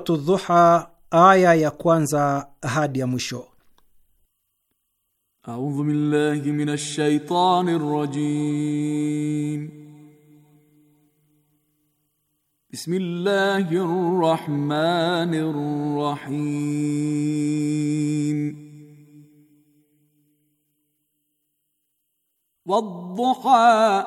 Suratu Dhuha aya ya kwanza hadi ya mwisho. A'udhu billahi minash shaitani rajim. Bismillahir rahmanir rahim. Wadduha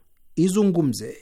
izungumze.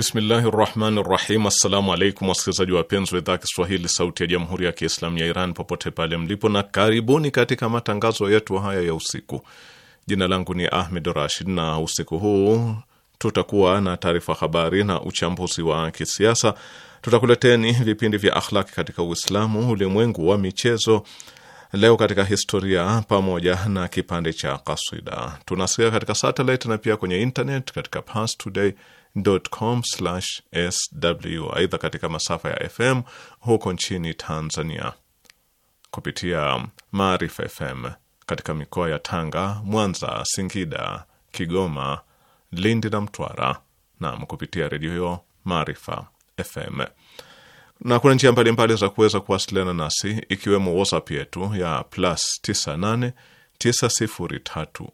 Bismillahi rahmani rahim. Assalamu alaikum wasikilizaji wapenzi wa idhaa Kiswahili sauti ya jamhuri ya Kiislamu ya Iran popote pale mlipo, na karibuni katika matangazo yetu haya ya usiku. Jina langu ni Ahmed Rashid na usiku huu tutakuwa na taarifa habari na uchambuzi wa kisiasa. Tutakuleteni vipindi vya akhlaki katika Uislamu, ulimwengu wa michezo, leo katika historia, pamoja na kipande cha kaswida. Tunasikia katika satelit na pia kwenye internet katika Pars sw. Aidha, katika masafa ya FM huko nchini Tanzania kupitia Maarifa FM katika mikoa ya Tanga, Mwanza, Singida, Kigoma, Lindi na Mtwara, nam kupitia redio hiyo Maarifa FM na kuna njia mbalimbali za kuweza kuwasiliana nasi ikiwemo WhatsApp yetu ya plus 98 903 506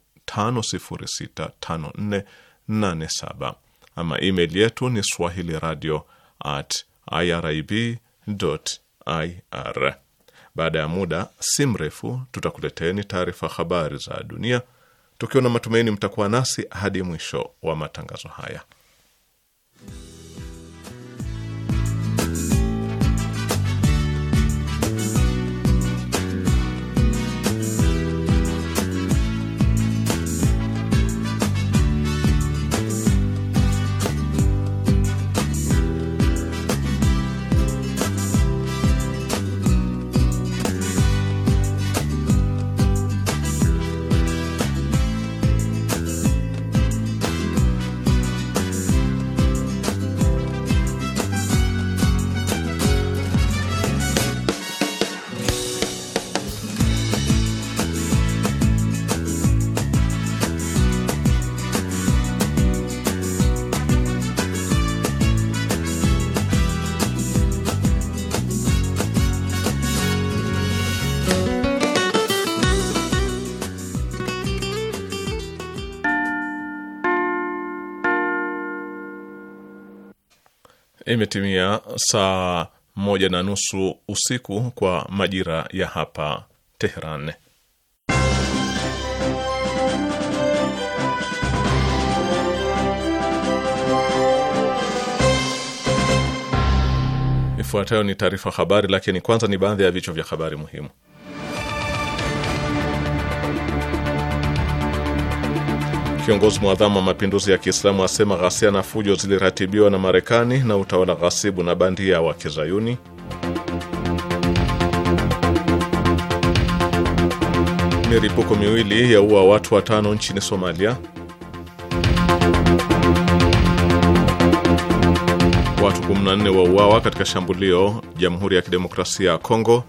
5487 ama email yetu ni swahili radio at irib ir. Baada ya muda si mrefu, tutakuleteni taarifa habari za dunia, tukiwa na matumaini mtakuwa nasi hadi mwisho wa matangazo haya. imetimia saa moja na nusu usiku kwa majira ya hapa Teheran. Ifuatayo ni taarifa habari, lakini kwanza ni baadhi ya vichwa vya habari muhimu. Kiongozi mwadhamu wa mapinduzi ya Kiislamu asema ghasia na fujo ziliratibiwa na Marekani na utawala ghasibu na bandia wa Kizayuni. Miripuko miwili ya ua watu watano nchini Somalia. Watu 14 wauawa katika shambulio Jamhuri ya Kidemokrasia ya Kongo.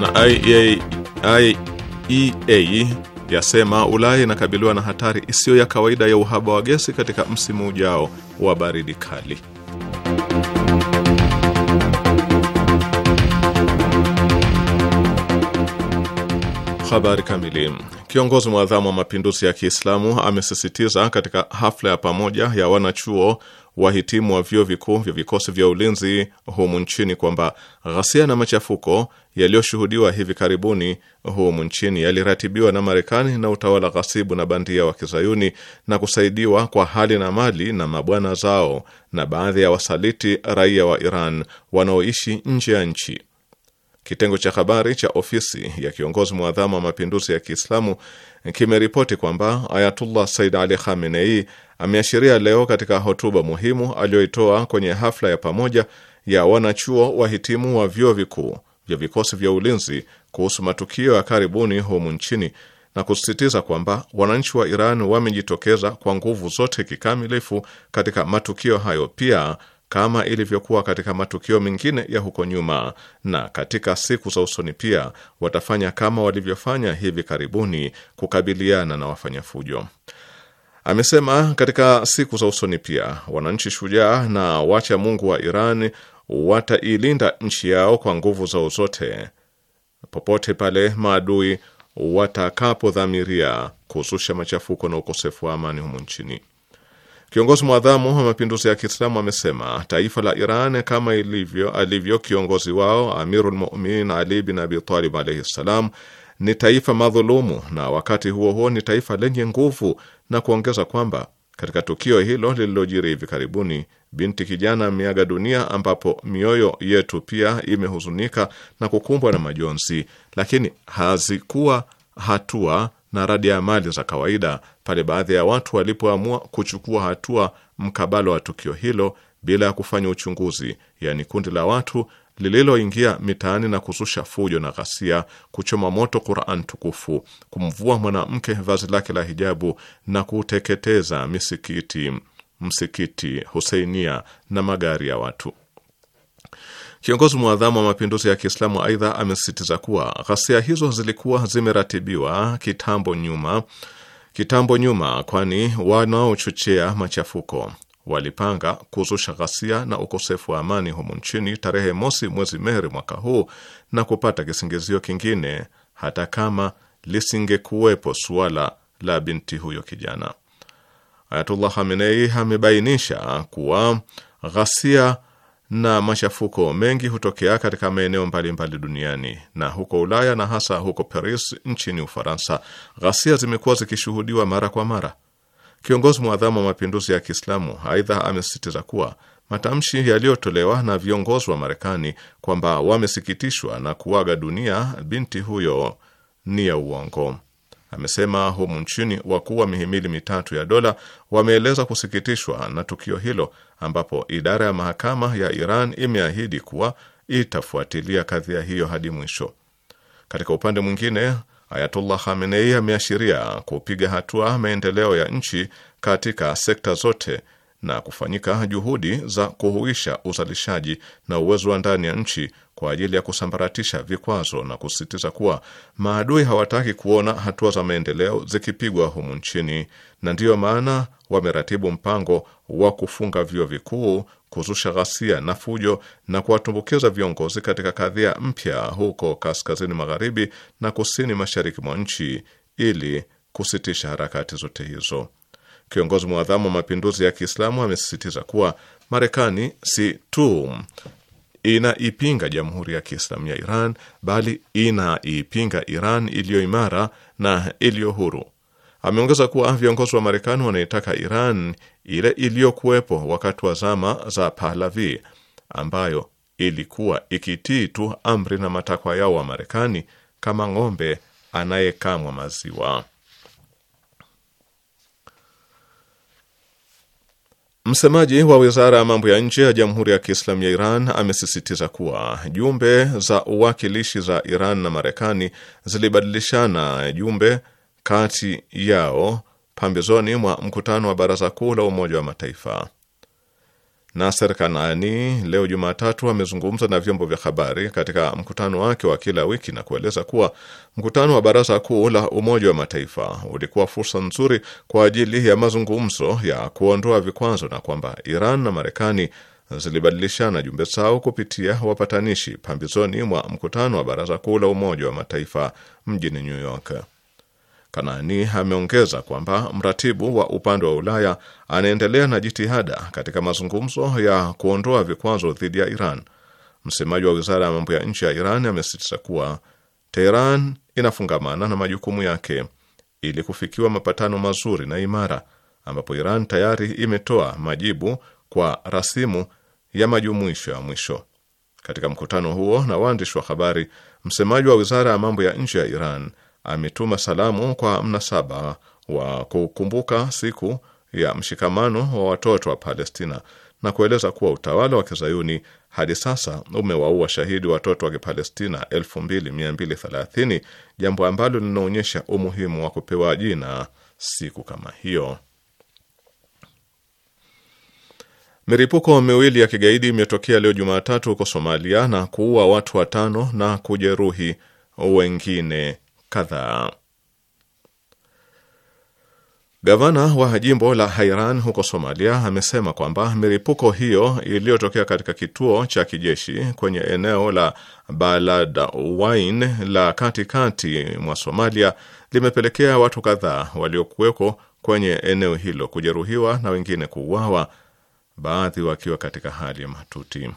Na EA yasema Ulaya inakabiliwa na hatari isiyo ya kawaida ya uhaba wa gesi katika msimu ujao wa baridi kali. Habari kamili. Kiongozi mwadhamu wa mapinduzi ya Kiislamu amesisitiza katika hafla ya pamoja ya wanachuo wahitimu wa vyuo vikuu vya vikosi vya ulinzi humu nchini kwamba ghasia na machafuko yaliyoshuhudiwa hivi karibuni humu nchini yaliratibiwa na Marekani na utawala ghasibu na bandia wa Kizayuni na kusaidiwa kwa hali na mali na mabwana zao na baadhi ya wasaliti raia wa Iran wanaoishi nje ya nchi. Kitengo cha habari cha ofisi ya kiongozi mwadhamu wa mapinduzi ya Kiislamu kimeripoti kwamba Ayatullah Said Ali Khamenei ameashiria leo katika hotuba muhimu aliyoitoa kwenye hafla ya pamoja ya wanachuo wahitimu wa vyuo vikuu vya vikosi vya ulinzi kuhusu matukio ya karibuni humu nchini na kusisitiza kwamba wananchi wa Iran wamejitokeza kwa nguvu zote kikamilifu katika matukio hayo pia kama ilivyokuwa katika matukio mengine ya huko nyuma, na katika siku za usoni pia watafanya kama walivyofanya hivi karibuni kukabiliana na wafanya fujo. Amesema katika siku za usoni pia wananchi shujaa na wacha Mungu wa Iran watailinda nchi yao kwa nguvu zao zote popote pale maadui watakapodhamiria kuzusha machafuko na ukosefu wa amani humu nchini. Kiongozi mwadhamu wa mapinduzi ya Kiislamu amesema taifa la Iran kama ilivyo alivyo kiongozi wao Amirul Mu'minin Ali bin Abi Talib alayhi ni taifa madhulumu, na wakati huo huo ni taifa lenye nguvu na kuongeza kwamba katika tukio hilo lililojiri hivi karibuni, binti kijana ameaga dunia, ambapo mioyo yetu pia imehuzunika na kukumbwa na majonzi, lakini hazikuwa hatua na radi ya mali za kawaida pale baadhi ya watu walipoamua kuchukua hatua mkabala wa tukio hilo bila ya kufanya uchunguzi, yaani kundi la watu lililoingia mitaani na kuzusha fujo na ghasia, kuchoma moto Qur'an tukufu, kumvua mwanamke vazi lake la hijabu na kuteketeza misikiti, msikiti Husainia na magari ya watu. Kiongozi mwadhamu wa mapinduzi ya Kiislamu aidha amesisitiza kuwa ghasia hizo zilikuwa zimeratibiwa kitambo nyuma, kitambo nyuma, kwani wanaochochea machafuko walipanga kuzusha ghasia na ukosefu wa amani humu nchini tarehe mosi mwezi Meheri mwaka huu na kupata kisingizio kingine hata kama lisingekuwepo suala la binti huyo kijana. Ayatullah Hamenei amebainisha kuwa ghasia na machafuko mengi hutokea katika maeneo mbalimbali duniani na huko Ulaya na hasa huko Paris nchini Ufaransa, ghasia zimekuwa zikishuhudiwa mara kwa mara. Kiongozi mwadhamu wa mapinduzi ya Kiislamu aidha amesisitiza kuwa matamshi yaliyotolewa na viongozi wa Marekani kwamba wamesikitishwa na kuaga dunia binti huyo ni ya uongo. Amesema humu nchini wakuu wa mihimili mitatu ya dola wameeleza kusikitishwa na tukio hilo, ambapo idara ya mahakama ya Iran imeahidi kuwa itafuatilia kadhia hiyo hadi mwisho. Katika upande mwingine Ayatullah Khamenei ameashiria kupiga hatua maendeleo ya nchi katika sekta zote na kufanyika juhudi za kuhuisha uzalishaji na uwezo wa ndani ya nchi kwa ajili ya kusambaratisha vikwazo na kusisitiza kuwa maadui hawataki kuona hatua za maendeleo zikipigwa humu nchini, na ndiyo maana wameratibu mpango wa kufunga vyuo vikuu kuzusha ghasia na fujo na kuwatumbukiza viongozi katika kadhia mpya huko kaskazini magharibi na kusini mashariki mwa nchi ili kusitisha harakati zote hizo. Kiongozi mwadhamu wa mapinduzi ya Kiislamu amesisitiza kuwa Marekani si tu inaipinga Jamhuri ya Kiislamu ya Iran bali inaipinga Iran iliyo imara na iliyo huru. Ameongeza kuwa viongozi wa Marekani wanaitaka Iran ile iliyokuwepo wakati wa zama za Pahlavi ambayo ilikuwa ikitii tu amri na matakwa yao wa Marekani kama ng'ombe anayekamwa maziwa. Msemaji wa wizara ya mambo ya nje ya Jamhuri ya Kiislamu ya Iran amesisitiza kuwa jumbe za uwakilishi za Iran na Marekani zilibadilishana jumbe kati yao pambizoni mwa mkutano wa Baraza Kuu la Umoja wa Mataifa. Naser kanani leo Jumatatu amezungumza na vyombo vya habari katika mkutano wake wa kila wiki na kueleza kuwa mkutano wa Baraza Kuu la Umoja wa Mataifa ulikuwa fursa nzuri kwa ajili ya mazungumzo ya kuondoa vikwazo na kwamba Iran na Marekani zilibadilishana jumbe zao kupitia wapatanishi pambizoni mwa mkutano wa Baraza Kuu la Umoja wa Mataifa mjini New York. Kanani ameongeza kwamba mratibu wa upande wa Ulaya anaendelea na jitihada katika mazungumzo ya kuondoa vikwazo dhidi ya Iran. Msemaji wa wizara ya mambo ya nje ya Iran amesisitiza kuwa Teheran inafungamana na majukumu yake ili kufikiwa mapatano mazuri na imara, ambapo Iran tayari imetoa majibu kwa rasimu ya majumuisho ya mwisho. Katika mkutano huo na waandishi wa habari, msemaji wa wizara ya mambo ya nje ya Iran ametuma salamu kwa mnasaba wa kukumbuka siku ya mshikamano wa watoto wa Palestina na kueleza kuwa utawala wa kizayuni hadi sasa umewaua shahidi watoto wa Kipalestina 2230 jambo ambalo linaonyesha umuhimu wa kupewa jina siku kama hiyo. miripuko miwili ya kigaidi imetokea leo Jumatatu huko Somalia na kuua watu watano na kujeruhi wengine kadhaa. Gavana wa jimbo la Hairan huko Somalia amesema kwamba milipuko hiyo iliyotokea katika kituo cha kijeshi kwenye eneo la baladwain la katikati mwa Somalia limepelekea watu kadhaa waliokuweko kwenye eneo hilo kujeruhiwa na wengine kuuawa, baadhi wakiwa katika hali ya mahututi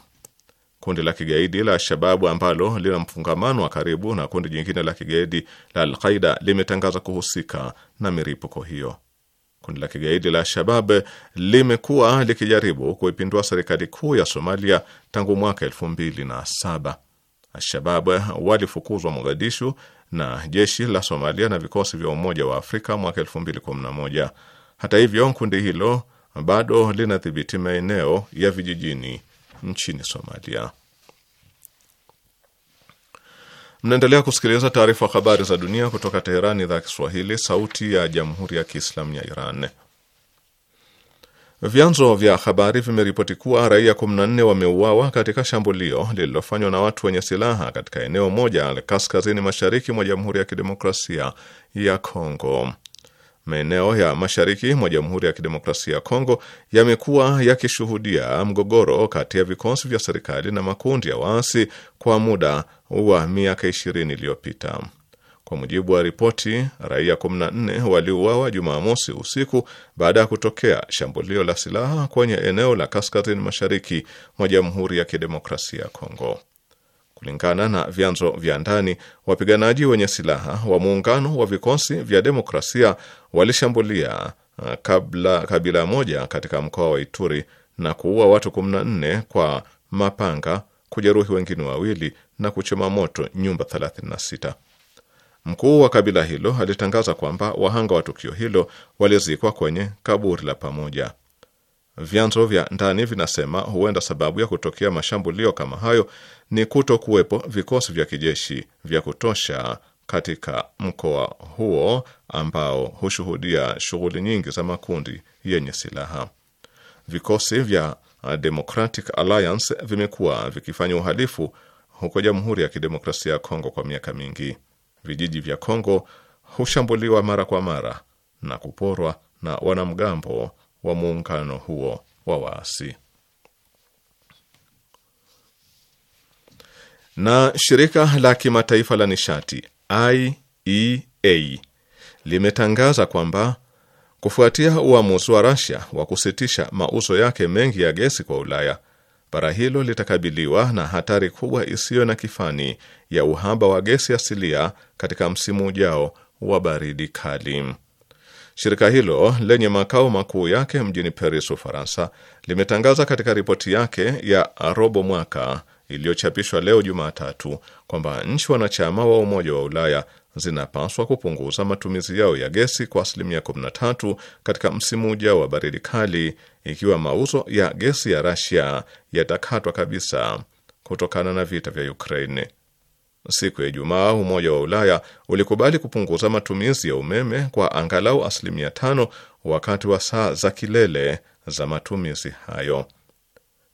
kundi la kigaidi la Shababu ambalo lina mfungamano wa karibu na kundi jingine la kigaidi la Alqaida limetangaza kuhusika na miripuko hiyo. Kundi la kigaidi la Shabab limekuwa likijaribu kuipindua serikali kuu ya Somalia tangu mwaka elfu mbili na saba. Alshabab walifukuzwa Mogadishu na jeshi la Somalia na vikosi vya Umoja wa Afrika mwaka elfu mbili kumi na moja. Hata hivyo kundi hilo bado linadhibiti maeneo ya vijijini nchini Somalia. Mnaendelea kusikiliza taarifa habari za dunia kutoka Teherani, idhaa ya Kiswahili, sauti ya jamhuri ya kiislamu ya Iran. Vyanzo vya habari vimeripoti kuwa raia 14 wameuawa katika shambulio lililofanywa na watu wenye silaha katika eneo moja kaskazini mashariki mwa jamhuri ya kidemokrasia ya Kongo maeneo ya mashariki mwa Jamhuri ya Kidemokrasia ya Kongo yamekuwa yakishuhudia mgogoro kati ya vikosi vya serikali na makundi ya waasi kwa muda wa miaka 20 iliyopita. Kwa mujibu wa ripoti, raia 14 waliuawa Jumamosi usiku baada ya kutokea shambulio la silaha kwenye eneo la kaskazini mashariki mwa Jamhuri ya Kidemokrasia ya Kongo. Kulingana na vyanzo vya ndani, wapiganaji wenye silaha wa muungano wa vikosi vya demokrasia walishambulia uh, kabla kabila moja katika mkoa wa Ituri na kuua watu 14 kwa mapanga, kujeruhi wengine wawili na kuchoma moto nyumba 36. Mkuu wa kabila hilo alitangaza kwamba wahanga wa tukio hilo walizikwa kwenye kaburi la pamoja. Vyanzo vya ndani vinasema huenda sababu ya kutokea mashambulio kama hayo ni kuto kuwepo vikosi vya kijeshi vya kutosha katika mkoa huo ambao hushuhudia shughuli nyingi za makundi yenye silaha. Vikosi vya Democratic Alliance vimekuwa vikifanya uhalifu huko Jamhuri ya Kidemokrasia ya Kongo kwa miaka mingi. Vijiji vya Kongo hushambuliwa mara kwa mara na kuporwa na wanamgambo wa muungano huo wa waasi. Na shirika la kimataifa la nishati IEA limetangaza kwamba kufuatia uamuzi wa Russia wa kusitisha mauzo yake mengi ya gesi kwa Ulaya, bara hilo litakabiliwa na hatari kubwa isiyo na kifani ya uhaba wa gesi asilia katika msimu ujao wa baridi kali. Shirika hilo lenye makao makuu yake mjini Paris, Ufaransa, limetangaza katika ripoti yake ya robo mwaka iliyochapishwa leo Jumatatu kwamba nchi wanachama wa Umoja wa Ulaya zinapaswa kupunguza matumizi yao ya gesi kwa asilimia 13 katika msimu ujao wa baridi kali ikiwa mauzo ya gesi ya Rasia yatakatwa kabisa kutokana na vita vya Ukraine. Siku ya Ijumaa, Umoja wa Ulaya ulikubali kupunguza matumizi ya umeme kwa angalau asilimia tano wakati wa saa za kilele za matumizi hayo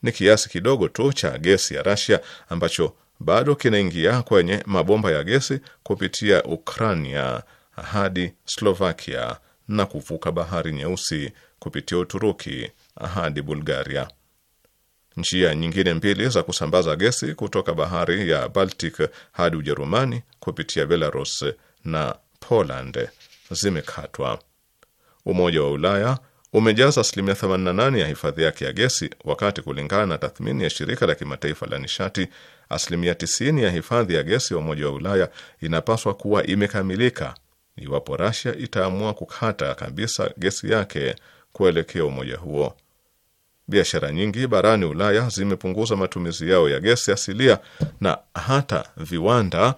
ni kiasi kidogo tu cha gesi ya Rasia ambacho bado kinaingia kwenye mabomba ya gesi kupitia Ukrania hadi Slovakia na kuvuka bahari Nyeusi kupitia Uturuki hadi Bulgaria. Njia nyingine mbili za kusambaza gesi kutoka bahari ya Baltic hadi Ujerumani kupitia Belarus na Poland zimekatwa. Umoja wa Ulaya umejaza asilimia 88 ya hifadhi yake ya gesi, wakati kulingana na tathmini ya shirika la kimataifa la nishati asilimia 90 ya hifadhi ya gesi ya Umoja wa Ulaya inapaswa kuwa imekamilika iwapo Russia itaamua kukata kabisa gesi yake kuelekea umoja huo. Biashara nyingi barani Ulaya zimepunguza matumizi yao ya gesi asilia na hata viwanda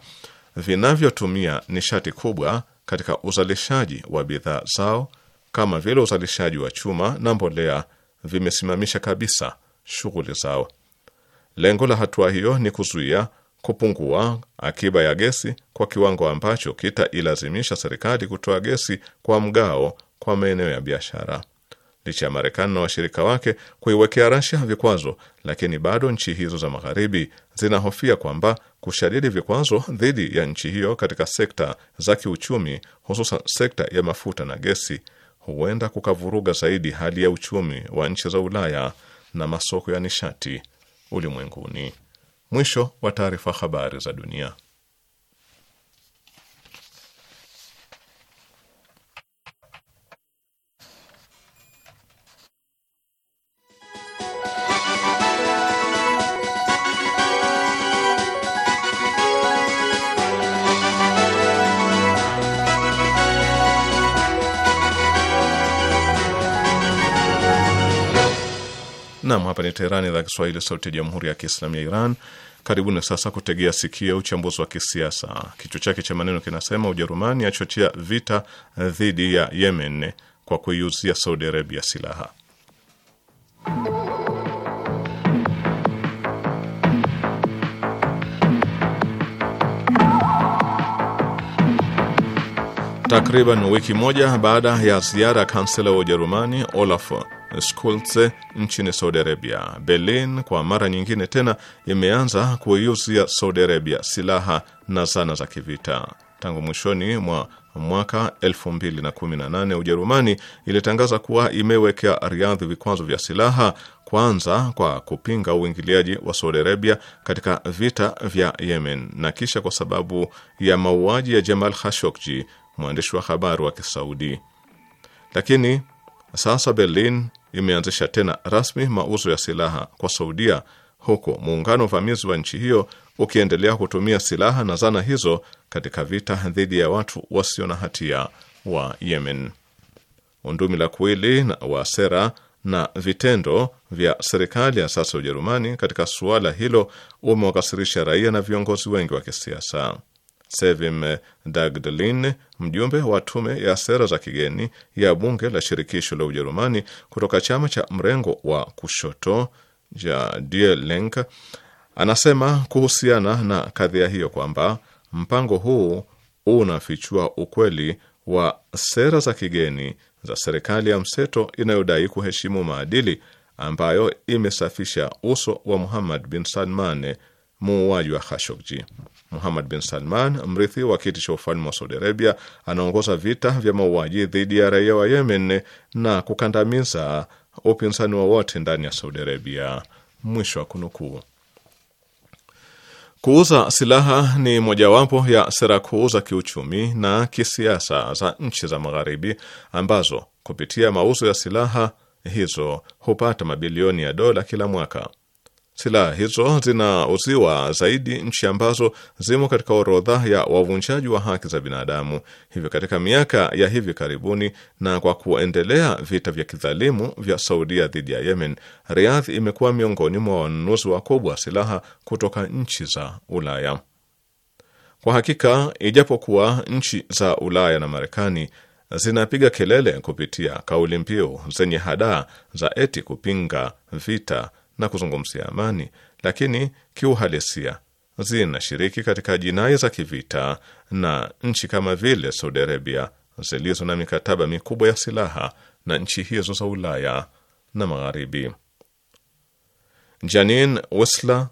vinavyotumia nishati kubwa katika uzalishaji wa bidhaa zao kama vile uzalishaji wa chuma na mbolea vimesimamisha kabisa shughuli zao. Lengo la hatua hiyo ni kuzuia kupungua akiba ya gesi kwa kiwango ambacho kitailazimisha serikali kutoa gesi kwa mgao kwa maeneo ya biashara. Licha ya Marekani na washirika wake kuiwekea Rasia vikwazo, lakini bado nchi hizo za magharibi zinahofia kwamba kushadidi vikwazo dhidi ya nchi hiyo katika sekta za kiuchumi, hususan sekta ya mafuta na gesi huenda kukavuruga zaidi hali ya uchumi wa nchi za Ulaya na masoko ya nishati ulimwenguni. Mwisho wa taarifa. Habari za dunia. Nam, hapa ni Teherani, idhaa Kiswahili, sauti ya jamhuri ya kiislamu ya Iran. Karibuni sasa kutegea sikio uchambuzi wa kisiasa, kichwa chake cha maneno kinasema: Ujerumani achochea vita dhidi ya Yemen kwa kuiuzia Saudi Arabia silaha. Takriban wiki moja baada ya ziara ya kansela wa Ujerumani Olaf Schulze nchini Saudi Arabia. Berlin kwa mara nyingine tena imeanza kuiuzia Saudi Arabia silaha na zana za kivita. Tangu mwishoni mwa mwaka 2018 Ujerumani ilitangaza kuwa imewekea riadhi vikwazo vya silaha, kwanza kwa kupinga uingiliaji wa Saudi Arabia katika vita vya Yemen na kisha kwa sababu ya mauaji ya Jamal Khashoggi, mwandishi wa habari wa Kisaudi. Lakini sasa Berlin imeanzisha tena rasmi mauzo ya silaha kwa Saudia, huku muungano uvamizi wa nchi hiyo ukiendelea kutumia silaha na zana hizo katika vita dhidi ya watu wasio na hatia wa Yemen. Undumi la kuili wa sera na vitendo vya serikali ya sasa Ujerumani katika suala hilo umewakasirisha raia na viongozi wengi wa kisiasa. Sevim eh, Dagdlin, mjumbe wa tume ya sera za kigeni ya bunge la shirikisho la Ujerumani kutoka chama cha mrengo wa kushoto ja Die Linke, anasema kuhusiana na kadhia hiyo kwamba mpango huu unafichua ukweli wa sera za kigeni za serikali ya mseto inayodai kuheshimu maadili ambayo imesafisha uso wa Muhammad bin Salman, muuaji wa Khashoggi. Muhammad bin Salman, mrithi wa kiti cha ufalme wa Saudi Arabia, anaongoza vita vya mauaji dhidi ya raia wa Yemen na kukandamiza upinzani wowote ndani ya Saudi Arabia. Mwisho wa kunukuu. Kuuza silaha ni mojawapo ya sera kuu za kiuchumi na kisiasa za nchi za Magharibi ambazo kupitia mauzo ya silaha hizo hupata mabilioni ya dola kila mwaka. Silaha hizo zinauziwa zaidi nchi ambazo zimo katika orodha ya wavunjaji wa haki za binadamu. Hivyo, katika miaka ya hivi karibuni na kwa kuendelea vita vya kidhalimu vya Saudia dhidi ya Yemen, Riyadh imekuwa miongoni mwa wanunuzi wakubwa wa silaha kutoka nchi za Ulaya. Kwa hakika, ijapokuwa nchi za Ulaya na Marekani zinapiga kelele kupitia kauli mbiu zenye hadaa za eti kupinga vita na kuzungumzia amani, lakini kiuhalisia zinashiriki katika jinai za kivita na nchi kama vile Saudi Arabia zilizo na mikataba mikubwa ya silaha na nchi hizo za Ulaya na Magharibi. Janine Wissler,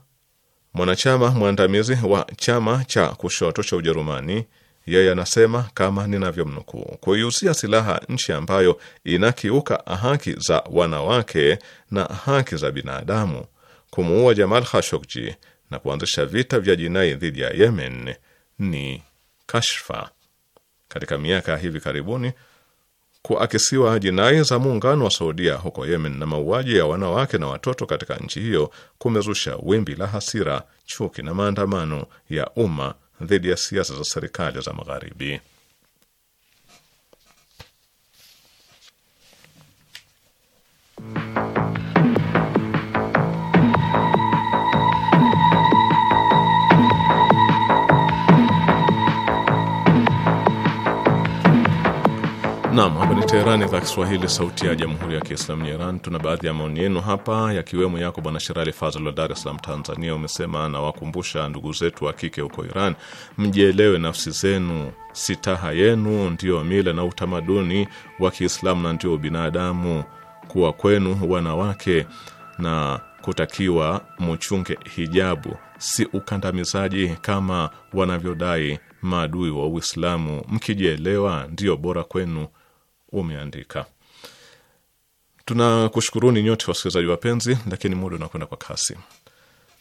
mwanachama mwandamizi wa chama cha kushoto cha Ujerumani yeye anasema kama ninavyomnukuu, kuiuzia silaha nchi ambayo inakiuka haki za wanawake na haki za binadamu, kumuua Jamal Khashoggi na kuanzisha vita vya jinai dhidi ya Yemen ni kashfa. Katika miaka ya hivi karibuni kuakisiwa jinai za muungano wa Saudia huko Yemen na mauaji ya wanawake na watoto katika nchi hiyo kumezusha wimbi la hasira, chuki na maandamano ya umma dhidi ya siasa za serikali za Magharibi. Nam, hapa ni Teherani, idhaa Kiswahili, sauti ya jamhuri ya kiislamu ya Iran. Tuna baadhi ya maoni yenu hapa, yakiwemo yako Bwana Sherali Fazl wa Dar es Salaam, Tanzania. Umesema nawakumbusha ndugu zetu wa kike huko Iran, mjielewe nafsi zenu, sitaha yenu ndiyo mila na utamaduni wa Kiislamu na ndio binadamu kuwa kwenu wanawake, na kutakiwa muchunge hijabu, si ukandamizaji kama wanavyodai maadui wa Uislamu. Mkijielewa ndiyo bora kwenu umeandika. Tunakushukuruni nyote wasikilizaji wapenzi, lakini muda unakwenda kwa kasi.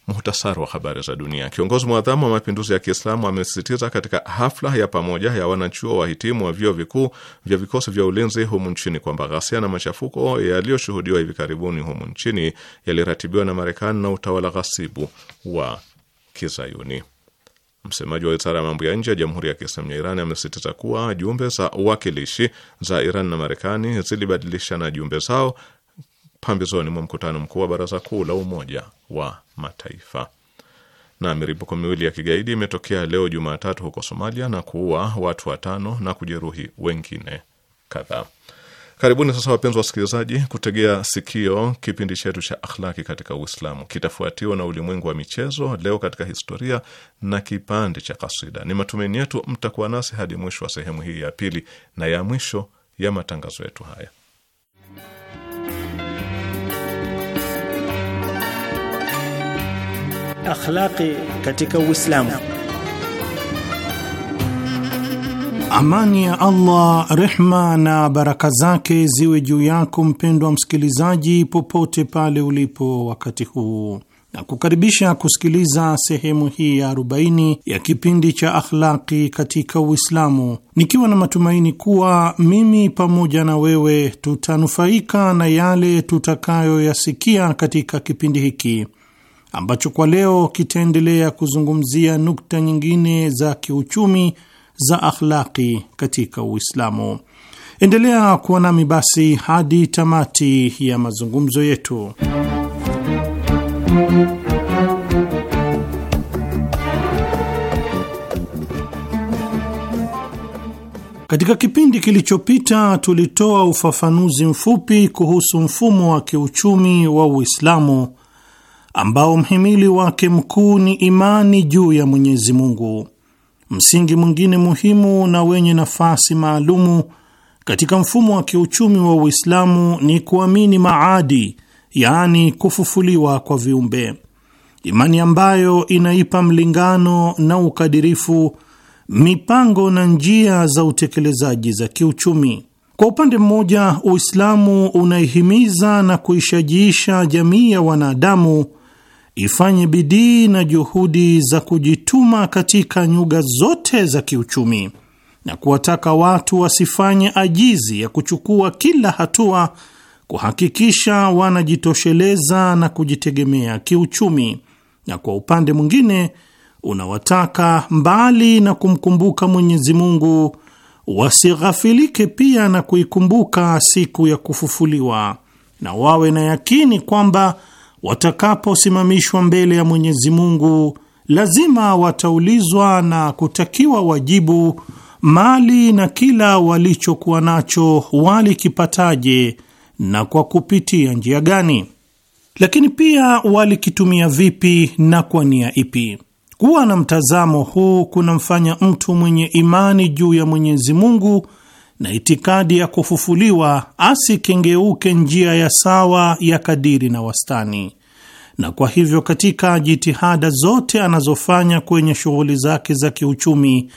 Muhtasari wa habari za dunia. Kiongozi mwadhamu wa mapinduzi ya Kiislamu amesisitiza katika hafla ya pamoja ya wanachuo wahitimu wa vyuo vikuu vya vikosi vya ulinzi humu nchini kwamba ghasia na machafuko yaliyoshuhudiwa hivi karibuni humu nchini yaliratibiwa na Marekani na utawala ghasibu wa Kizayuni. Msemaji wa wizara ya mambo ya nje ya Jamhuri ya Kiislamu ya Iran amesisitiza kuwa jumbe za uwakilishi za Iran na Marekani zilibadilishana jumbe zao pambizoni mwa mkutano mkuu wa Baraza Kuu la Umoja wa Mataifa. Na miripuko miwili ya kigaidi imetokea leo Jumatatu huko Somalia na kuua watu watano na kujeruhi wengine kadhaa. Karibuni sasa wapenzi wasikilizaji, kutegea sikio kipindi chetu cha akhlaki katika Uislamu. Kitafuatiwa na ulimwengu wa michezo, leo katika historia na kipande cha kasida. Ni matumaini yetu mtakuwa nasi hadi mwisho wa sehemu hii ya pili na ya mwisho ya matangazo yetu haya. Akhlaki katika Uislamu. Amani ya Allah, rehma na baraka zake ziwe juu yako mpendwa msikilizaji, popote pale ulipo wakati huu na kukaribisha kusikiliza sehemu hii ya 40 ya kipindi cha Akhlaqi katika Uislamu, nikiwa na matumaini kuwa mimi pamoja na wewe tutanufaika na yale tutakayoyasikia katika kipindi hiki ambacho kwa leo kitaendelea kuzungumzia nukta nyingine za kiuchumi za akhlaqi katika Uislamu. Endelea kuwa nami basi hadi tamati ya mazungumzo yetu. Katika kipindi kilichopita tulitoa ufafanuzi mfupi kuhusu mfumo wa kiuchumi wa Uislamu ambao mhimili wake mkuu ni imani juu ya Mwenyezi Mungu. Msingi mwingine muhimu na wenye nafasi maalumu katika mfumo wa kiuchumi wa Uislamu ni kuamini maadi, yaani kufufuliwa kwa viumbe, imani ambayo inaipa mlingano na ukadirifu mipango na njia za utekelezaji za kiuchumi. Kwa upande mmoja, Uislamu unaihimiza na kuishajiisha jamii ya wanadamu ifanye bidii na juhudi za kujituma katika nyuga zote za kiuchumi na kuwataka watu wasifanye ajizi ya kuchukua kila hatua kuhakikisha wanajitosheleza na kujitegemea kiuchumi, na kwa upande mwingine unawataka mbali na kumkumbuka Mwenyezi Mungu wasighafilike pia na kuikumbuka siku ya kufufuliwa, na wawe na yakini kwamba watakaposimamishwa mbele ya Mwenyezi Mungu lazima wataulizwa na kutakiwa wajibu mali na kila walichokuwa nacho walikipataje na kwa kupitia njia gani, lakini pia walikitumia vipi na kwa nia ipi. Kuwa na mtazamo huu kunamfanya mtu mwenye imani juu ya Mwenyezi Mungu na itikadi ya kufufuliwa, asikengeuke njia ya sawa ya kadiri na wastani. Na kwa hivyo katika jitihada zote anazofanya kwenye shughuli zake za kiuchumi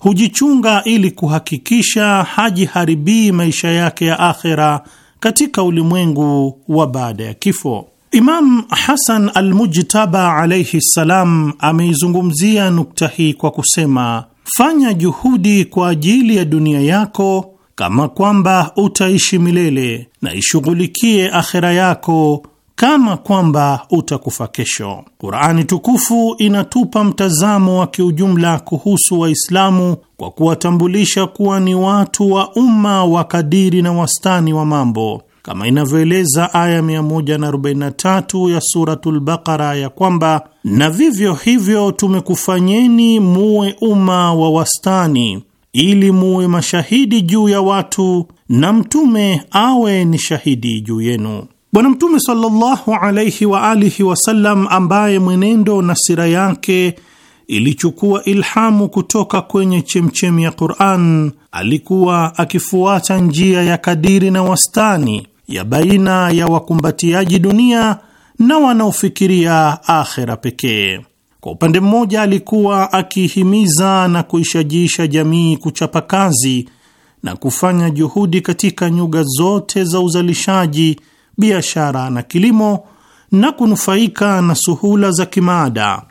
hujichunga ili kuhakikisha hajiharibii maisha yake ya akhera katika ulimwengu wa baada ya kifo. Imam Hasan Almujtaba alaihi ssalam ameizungumzia nukta hii kwa kusema Fanya juhudi kwa ajili ya dunia yako kama kwamba utaishi milele, na ishughulikie akhera yako kama kwamba utakufa kesho. Qur'ani tukufu inatupa mtazamo wa kiujumla kuhusu Waislamu kwa kuwatambulisha kuwa ni watu wa umma wa kadiri na wastani wa mambo kama inavyoeleza aya 143 ya Suratul Baqara ya kwamba, na vivyo hivyo tumekufanyeni muwe umma wa wastani, ili muwe mashahidi juu ya watu na mtume awe ni shahidi juu yenu. Bwana Mtume sallallahu alayhi wa alihi wasallam, ambaye mwenendo na sira yake ilichukua ilhamu kutoka kwenye chemchemi ya Qur'an, alikuwa akifuata njia ya kadiri na wastani ya baina ya wakumbatiaji dunia na wanaofikiria akhera pekee. Kwa upande mmoja, alikuwa akihimiza na kuishajiisha jamii kuchapa kazi na kufanya juhudi katika nyuga zote za uzalishaji, biashara na kilimo na kunufaika na suhula za kimaada,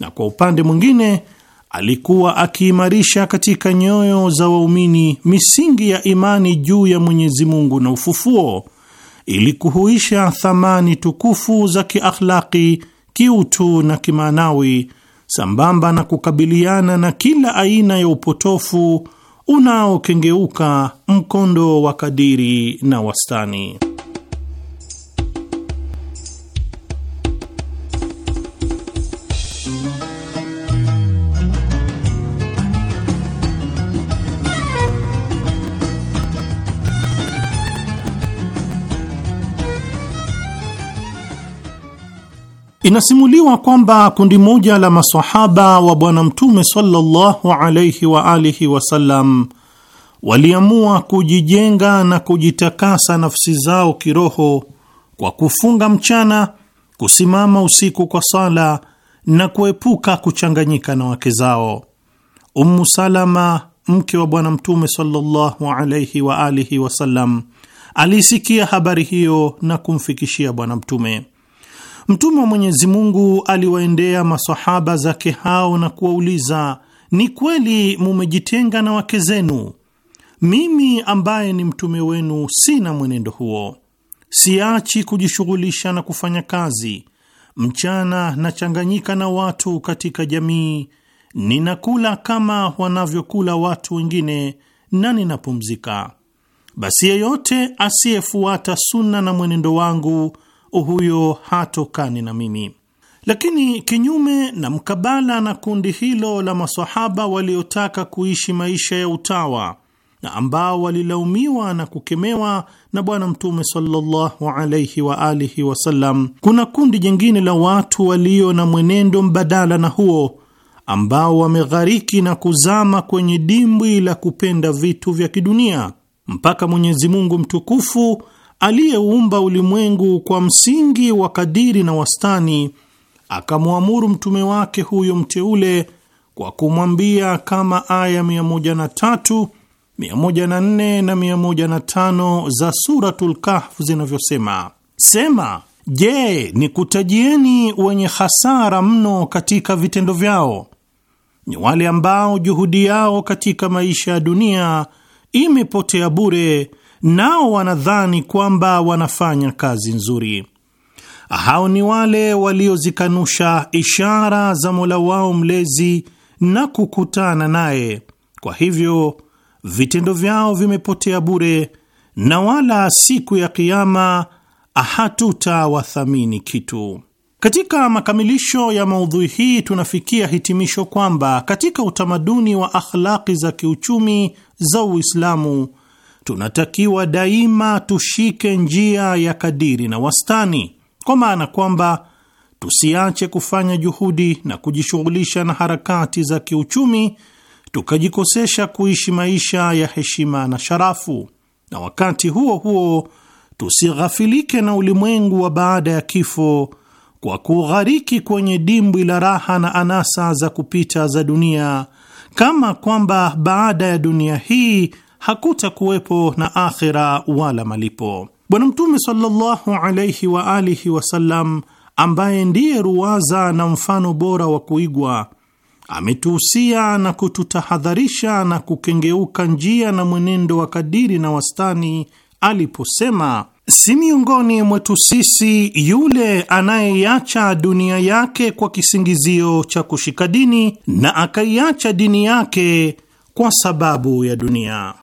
na kwa upande mwingine alikuwa akiimarisha katika nyoyo za waumini misingi ya imani juu ya Mwenyezi Mungu na ufufuo ili kuhuisha thamani tukufu za kiakhlaki, kiutu na kimaanawi, sambamba na kukabiliana na kila aina ya upotofu unaokengeuka mkondo wa kadiri na wastani. Inasimuliwa kwamba kundi moja la masahaba wa Bwana Mtume sallallahu alaihi wa alihi wasallam waliamua kujijenga na kujitakasa nafsi zao kiroho kwa kufunga mchana, kusimama usiku kwa sala na kuepuka kuchanganyika na wake zao. Ummu Salama, mke wa Bwana Mtume sallallahu alaihi wa alihi wasallam, aliisikia habari hiyo na kumfikishia Bwana Mtume. Mtume wa Mwenyezi Mungu aliwaendea masahaba zake hao na kuwauliza, ni kweli mumejitenga na wake zenu? Mimi ambaye ni mtume wenu sina mwenendo huo, siachi kujishughulisha na kufanya kazi mchana, nachanganyika na watu katika jamii, ninakula kama wanavyokula watu wengine na ninapumzika. Basi yeyote asiyefuata suna na mwenendo wangu Oh, huyo hatokani na mimi. Lakini kinyume na mkabala na kundi hilo la masahaba waliotaka kuishi maisha ya utawa na ambao walilaumiwa na kukemewa na Bwana Mtume sallallahu alaihi wa alihi wasallam, kuna kundi jingine la watu walio na mwenendo mbadala na huo ambao wameghariki na kuzama kwenye dimbwi la kupenda vitu vya kidunia mpaka Mwenyezi Mungu mtukufu aliyeumba ulimwengu kwa msingi wa kadiri na wastani, akamwamuru mtume wake huyo mteule kwa kumwambia kama aya 103, 104 na 105 za Suratul Kahf zinavyosema: Sema, je, nikutajieni wenye hasara mno katika vitendo vyao? Ni wale ambao juhudi yao katika maisha ya dunia imepotea bure nao wanadhani kwamba wanafanya kazi nzuri. Hao ni wale waliozikanusha ishara za Mola wao mlezi na kukutana naye, kwa hivyo vitendo vyao vimepotea bure na wala siku ya Kiama hatutawathamini kitu. Katika makamilisho ya maudhui hii, tunafikia hitimisho kwamba katika utamaduni wa akhlaki za kiuchumi za Uislamu tunatakiwa daima tushike njia ya kadiri na wastani, kwa maana kwamba tusiache kufanya juhudi na kujishughulisha na harakati za kiuchumi tukajikosesha kuishi maisha ya heshima na sharafu, na wakati huo huo tusighafilike na ulimwengu wa baada ya kifo kwa kughariki kwenye dimbwi la raha na anasa za kupita za dunia, kama kwamba baada ya dunia hii hakutakuwepo na akhira wala malipo. Bwana Mtume sallallahu alaihi wa alihi wasallam, ambaye ndiye ruwaza na mfano bora wa kuigwa, ametuhusia na kututahadharisha na kukengeuka njia na mwenendo wa kadiri na wastani aliposema Si miongoni mwetu sisi yule anayeiacha dunia yake kwa kisingizio cha kushika dini na akaiacha dini yake kwa sababu ya dunia.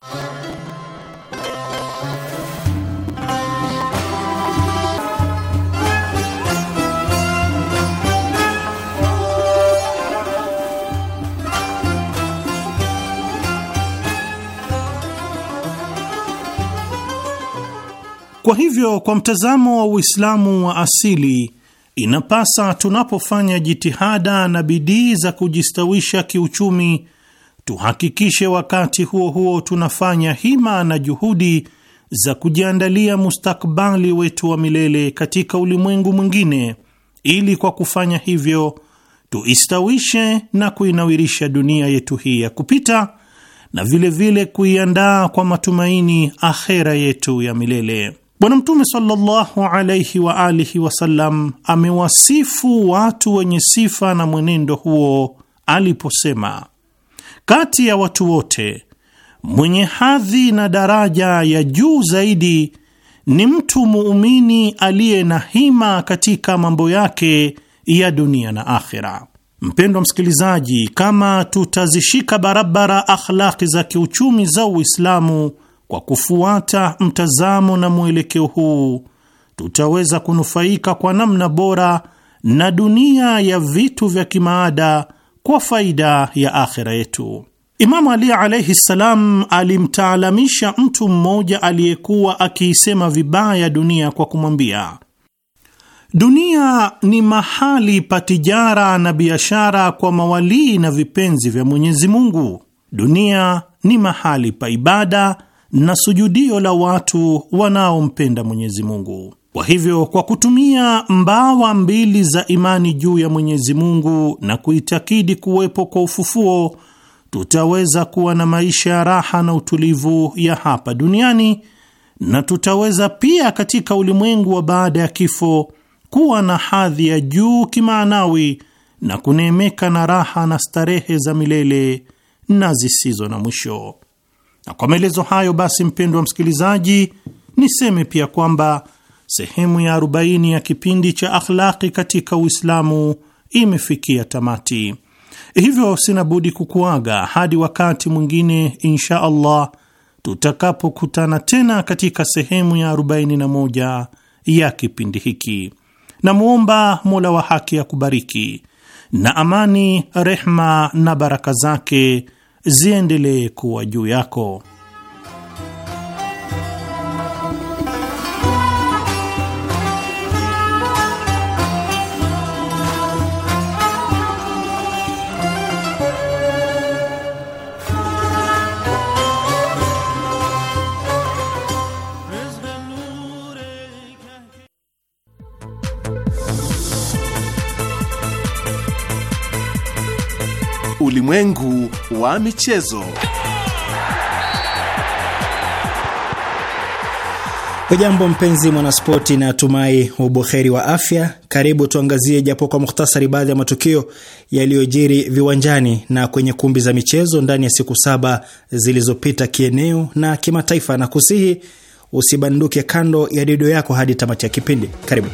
Kwa hivyo kwa mtazamo wa Uislamu wa asili, inapasa tunapofanya jitihada na bidii za kujistawisha kiuchumi Tuhakikishe wakati huo huo tunafanya hima na juhudi za kujiandalia mustakbali wetu wa milele katika ulimwengu mwingine, ili kwa kufanya hivyo tuistawishe na kuinawirisha dunia yetu hii ya kupita na vilevile kuiandaa kwa matumaini akhera yetu ya milele. Bwana Mtume sallallahu alaihi wa alihi wasallam amewasifu watu wenye sifa na mwenendo huo aliposema: kati ya watu wote, mwenye hadhi na daraja ya juu zaidi ni mtu muumini aliye na hima katika mambo yake ya dunia na akhira. Mpendwa msikilizaji, kama tutazishika barabara akhlaki za kiuchumi za Uislamu kwa kufuata mtazamo na mwelekeo huu, tutaweza kunufaika kwa namna bora na dunia ya vitu vya kimaada kwa faida ya akhira yetu. Imamu Ali alaihi ssalam alimtaalamisha mtu mmoja aliyekuwa akiisema vibaya dunia kwa kumwambia, dunia ni mahali pa tijara na biashara kwa mawalii na vipenzi vya Mwenyezi Mungu. Dunia ni mahali pa ibada na sujudio la watu wanaompenda Mwenyezi Mungu. Kwa hivyo kwa kutumia mbawa mbili za imani juu ya Mwenyezi Mungu na kuitakidi kuwepo kwa ufufuo, tutaweza kuwa na maisha ya raha na utulivu ya hapa duniani na tutaweza pia katika ulimwengu wa baada ya kifo kuwa na hadhi ya juu kimaanawi na kuneemeka na raha na starehe za milele na zisizo na mwisho. Na kwa maelezo hayo basi, mpendwa msikilizaji, niseme pia kwamba sehemu ya 40 ya kipindi cha akhlaqi katika Uislamu imefikia tamati. Hivyo sina budi kukuaga hadi wakati mwingine insha Allah tutakapokutana tena katika sehemu ya 41 ya kipindi hiki. Namwomba Mola wa haki akubariki, na amani, rehma na baraka zake ziendelee kuwa juu yako. Ulimwengu wa michezo. Hujambo mpenzi mwanaspoti, na tumai ubuheri wa afya. Karibu tuangazie japo kwa muhtasari baadhi ya matukio yaliyojiri viwanjani na kwenye kumbi za michezo ndani ya siku saba zilizopita, kieneo na kimataifa, na kusihi usibanduke kando ya redio yako hadi tamati ya kipindi. Karibu.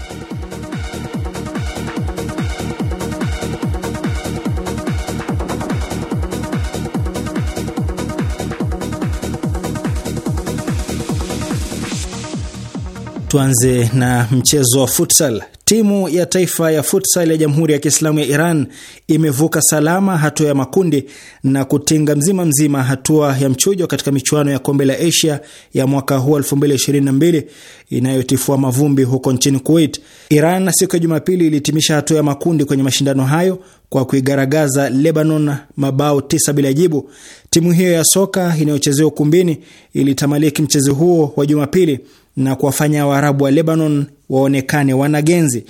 Tuanze na mchezo wa futsal. Timu ya taifa ya futsal ya Jamhuri ya Kiislamu ya Iran imevuka salama hatua ya makundi na kutinga mzima mzima hatua ya mchujo katika michuano ya kombe la Asia ya mwaka huu 2022 inayotifua mavumbi huko nchini Kuwait. Iran siku ya Jumapili ilihitimisha hatua ya makundi kwenye mashindano hayo kwa kuigaragaza Lebanon mabao tisa bila jibu. Timu hiyo ya soka inayochezewa ukumbini ilitamaliki mchezo huo wa Jumapili na kuwafanya Waarabu wa Lebanon waonekane wanagenzi.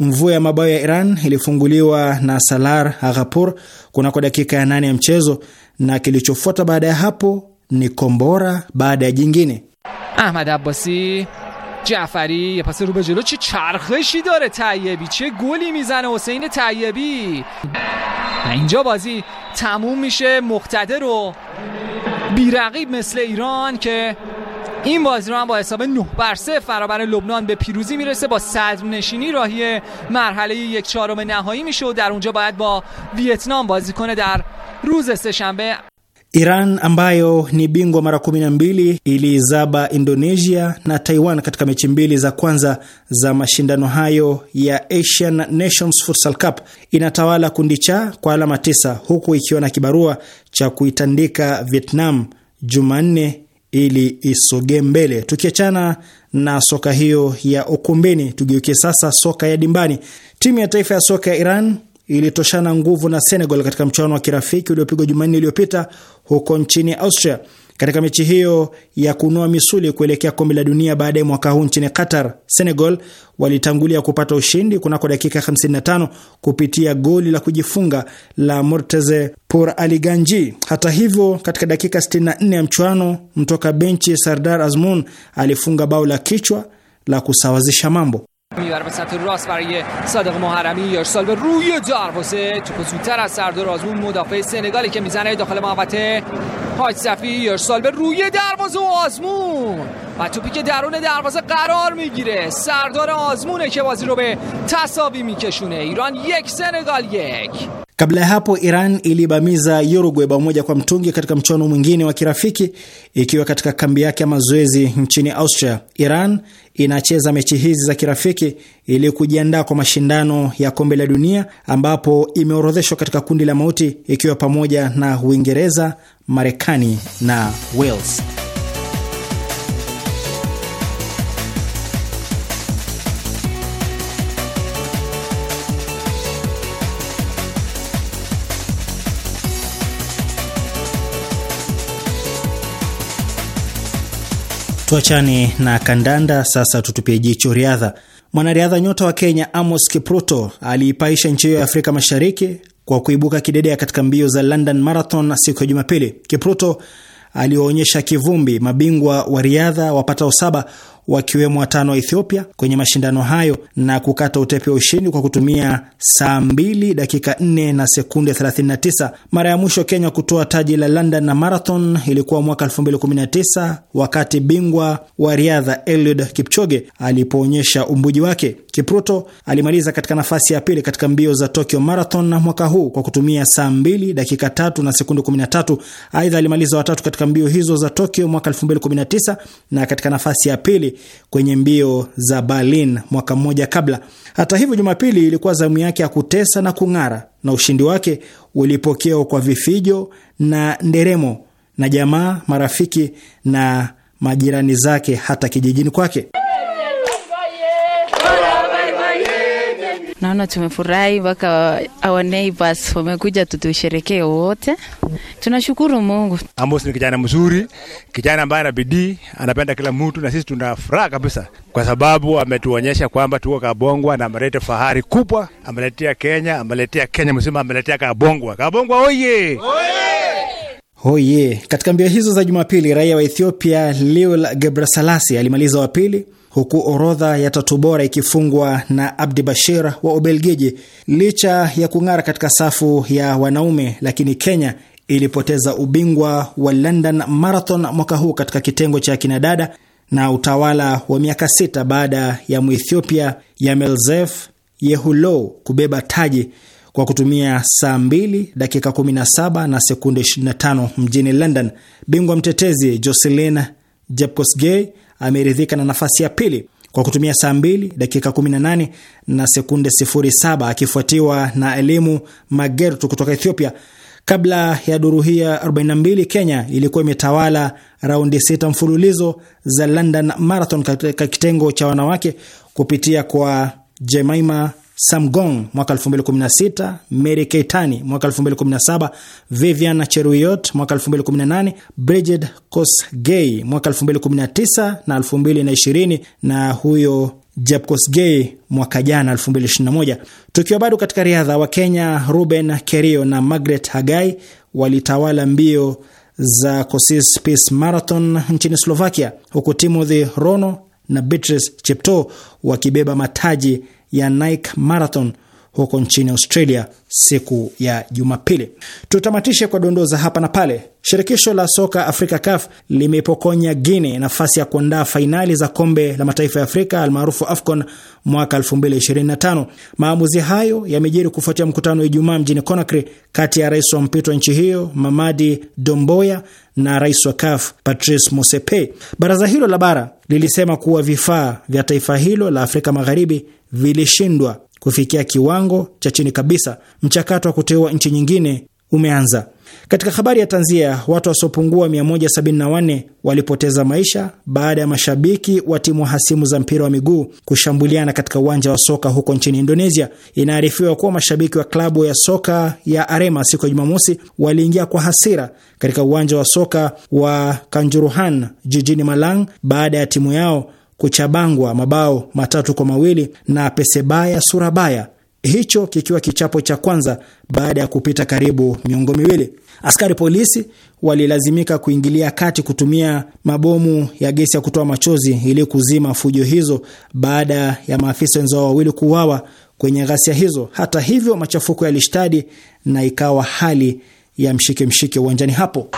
Mvua ya mabao ya Iran ilifunguliwa na Salar Aghapur kunako dakika ya nane ya mchezo, na kilichofuata baada ya hapo ni kombora baada ya jingine. Ahmad Abbasi Jafari ya pasi rube jelo, che charkheshi dare Tayyebi, che goli mizane Husein Tayyebi na inja bazi tamum mishe muqtadir o biraqib misle Iran ke این بازی رو هم با حساب 9 بر 0 برابر لبنان به پیروزی میرسه با صدر نشینی راهی مرحله یک چهارم نهایی میشه و در اونجا باید با ویتنام بازی کنه در روز سهشنبه Iran ambayo ni bingwa mara 12 ilizaba Indonesia na Taiwan katika mechi mbili za kwanza za mashindano hayo ya Asian Nations Futsal Cup inatawala kundi cha kwa alama 9 huku ikiwa na kibarua cha kuitandika Vietnam Jumanne ili isogee mbele. Tukiachana na soka hiyo ya ukumbini, tugeukie sasa soka ya dimbani. Timu ya taifa ya soka ya Iran ilitoshana nguvu na Senegal katika mchuano wa kirafiki uliopigwa Jumanne iliyopita huko nchini Austria. Katika mechi hiyo ya kunoa misuli kuelekea kombe la dunia baadaye mwaka huu nchini Qatar, Senegal walitangulia kupata ushindi kunako dakika 55 kupitia goli la kujifunga la Morteze por Ali Ganji. Hata hivyo, katika dakika 64 ya mchuano, mtoka benchi Sardar Azmun alifunga bao la kichwa la kusawazisha mambo. حاج صفی ارسال به روی دروازه و آزمون و توپی که درون دروازه قرار میگیره سردار آزمونه که بازی رو به تصاوی میکشونه ایران یک سنگال یک Kabla ya hapo Iran ilibamiza Uruguay bao moja kwa mtungi katika mchuano mwingine wa kirafiki ikiwa katika kambi yake ya mazoezi nchini Austria. Iran inacheza mechi hizi za kirafiki ili kujiandaa kwa mashindano ya kombe la dunia ambapo imeorodheshwa katika kundi la mauti ikiwa pamoja na Uingereza, Marekani na Wales. Tuachane na kandanda sasa, tutupie jicho riadha. Mwanariadha nyota wa Kenya Amos Kipruto aliipaisha nchi hiyo ya Afrika Mashariki kwa kuibuka kidedea katika mbio za London Marathon siku ya Jumapili. Kipruto aliwaonyesha kivumbi mabingwa wa riadha wapatao saba wakiwemo watano wa Ethiopia kwenye mashindano hayo na kukata utepe wa ushindi kwa kutumia saa 2 dakika 4 na sekunde 39. Mara ya mwisho Kenya kutoa taji la London na marathon ilikuwa mwaka 2019 wakati bingwa wa riadha Eliud Kipchoge alipoonyesha umbuji wake. Kipruto alimaliza katika nafasi ya pili katika mbio za Tokyo Marathon na mwaka huu kwa kutumia saa 2 dakika 3 na sekunde 13. Aidha, alimaliza watatu katika mbio hizo za Tokyo mwaka 2019 na katika nafasi ya pili kwenye mbio za Berlin mwaka mmoja kabla. Hata hivyo, Jumapili ilikuwa zamu yake ya kutesa na kung'ara, na ushindi wake ulipokewa kwa vifijo na nderemo na jamaa, marafiki na majirani zake, hata kijijini kwake. Naona tumefurahi mpaka our neighbors wamekuja tutusherekee wote, tunashukuru Mungu. Amos ni kijana mzuri, kijana ambaye ana bidii, anapenda kila mtu, na sisi tuna furaha kabisa kwa sababu ametuonyesha kwamba tuko Kabongwa na ameleta fahari kubwa, ameletea Kenya, ameletea Kenya mzima, ameletea Kabongwa. Kabongwa oye, oye! Hoye oh, yeah. Katika mbio hizo za Jumapili, raia wa Ethiopia Leol Gebrselassie alimaliza wa pili huku orodha ya tatu bora ikifungwa na Abdi Bashir wa Ubelgiji. Licha ya kung'ara katika safu ya wanaume, lakini Kenya ilipoteza ubingwa wa London Marathon mwaka huu katika kitengo cha kinadada na utawala wa miaka sita baada ya Muethiopia Yamelzef Yehulo kubeba taji kwa kutumia saa 2 dakika 17 na sekunde 25 mjini London. Bingwa mtetezi joselin Jepkosgey ameridhika na nafasi ya pili kwa kutumia saa 2 dakika 18 na sekunde 07 akifuatiwa na Elimu Magertu kutoka Ethiopia. Kabla ya duru hii ya 42 Kenya ilikuwa imetawala raundi sita mfululizo za London Marathon katika kitengo cha wanawake kupitia kwa jemaima Samgong mwaka 2016, Mary Keitani mwaka 2017, Vivian Cheruiyot mwaka 2018, Bridget Kosgei mwaka 2019 na 2020 na huyo Jeb mwaka jana 2021. Tukiwa bado katika riadha, wa Kenya Ruben Kerio na Margaret Hagai walitawala mbio za cosis Peace Marathon nchini Slovakia, huku Timothy Rono na Beatrice Chepto wakibeba mataji ya Nike Marathon huko nchini Australia siku ya Jumapili. Tutamatishe kwa dondoo za hapa na pale. Shirikisho la soka Afrika CAF limepokonya guine nafasi ya kuandaa fainali za kombe la mataifa ya Afrika almaarufu AFCON mwaka 2025. Maamuzi hayo yamejiri kufuatia mkutano wa Ijumaa mjini Conakry kati ya rais wa mpito wa nchi hiyo Mamadi Domboya na rais wa CAF Patrice Motsepe. Baraza hilo la bara lilisema kuwa vifaa vya taifa hilo la Afrika Magharibi vilishindwa kufikia kiwango cha chini kabisa. Mchakato wa kuteua nchi nyingine umeanza. Katika habari ya tanzia, watu wasiopungua 174 walipoteza maisha baada ya mashabiki wa timu hasimu za mpira wa miguu kushambuliana katika uwanja wa soka huko nchini Indonesia. Inaarifiwa kuwa mashabiki wa klabu ya soka ya Arema siku ya Jumamosi waliingia kwa hasira katika uwanja wa soka wa Kanjuruhan jijini Malang baada ya timu yao kuchabangwa mabao matatu kwa mawili na Pesebaya Surabaya, hicho kikiwa kichapo cha kwanza baada ya kupita karibu miongo miwili. Askari polisi walilazimika kuingilia kati kutumia mabomu ya gesi ya kutoa machozi ili kuzima fujo hizo baada ya maafisa wenzao wawili kuuawa kwenye ghasia hizo. Hata hivyo, machafuko yalishtadi na ikawa hali ya mshike mshike uwanjani hapo.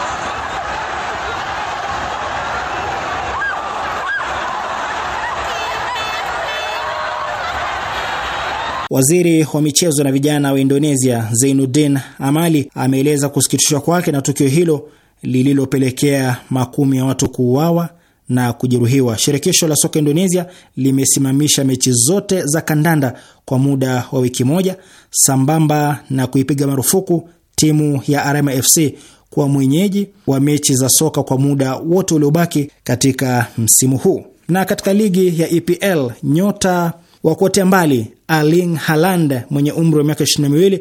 Waziri wa michezo na vijana wa Indonesia Zainuddin Amali ameeleza kusikitishwa kwake na tukio hilo lililopelekea makumi ya watu kuuawa na kujeruhiwa. Shirikisho la soka Indonesia limesimamisha mechi zote za kandanda kwa muda wa wiki moja sambamba na kuipiga marufuku timu ya Arema FC kuwa mwenyeji wa mechi za soka kwa muda wote uliobaki katika msimu huu. Na katika ligi ya EPL nyota wa kuotea mbali Erling Haaland mwenye umri wa miaka 22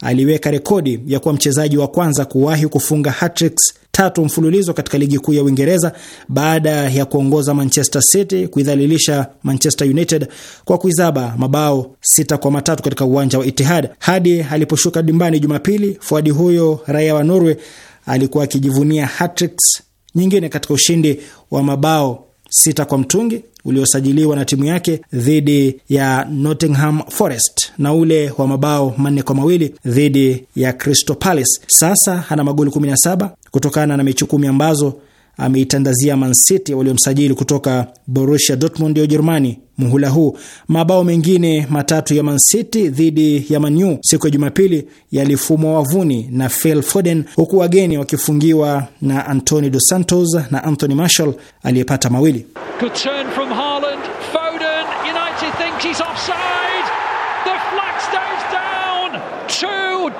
aliweka rekodi ya kuwa mchezaji wa kwanza kuwahi kufunga hatricks tatu mfululizo katika ligi kuu ya Uingereza baada ya kuongoza Manchester City kuidhalilisha Manchester United kwa kuizaba mabao sita kwa matatu katika uwanja wa Etihad. Hadi aliposhuka dimbani Jumapili, fuadi huyo raia wa Norway alikuwa akijivunia hatricks nyingine katika ushindi wa mabao sita kwa mtungi uliosajiliwa na timu yake dhidi ya Nottingham Forest na ule wa mabao manne kwa mawili dhidi ya Crystal Palace. Sasa ana magoli 17 kutokana na mechi kumi ambazo ameitandazia Man City waliomsajili kutoka Borussia Dortmund ya Ujerumani muhula huu. Mabao mengine matatu ya Man City dhidi ya Manyu siku ya Jumapili yalifumwa wavuni na Phil Foden, huku wageni wakifungiwa na antoni Dos Santos na Anthony Marshall aliyepata mawili.